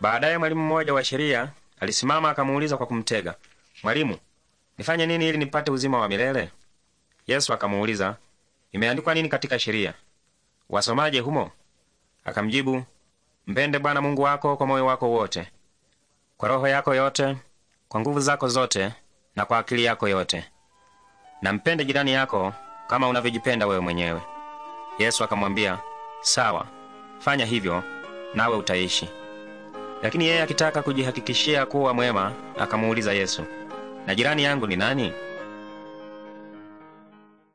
Baadaye mwalimu mmoja wa sheria alisimama akamuuliza kwa kumtega, Mwalimu, nifanye nini ili nipate uzima wa milele? Yesu akamuuliza, imeandikwa nini katika sheria? Wasomaje humo? Akamjibu, mpende Bwana Mungu wako kwa moyo wako wote, kwa roho yako yote, kwa nguvu zako zote, na kwa akili yako yote, na mpende jirani yako kama unavyojipenda wewe mwenyewe. Yesu akamwambia, sawa, fanya hivyo nawe utaishi. Lakini yeye akitaka kujihakikishia kuwa mwema, akamuuliza Yesu, na jirani yangu ni nani?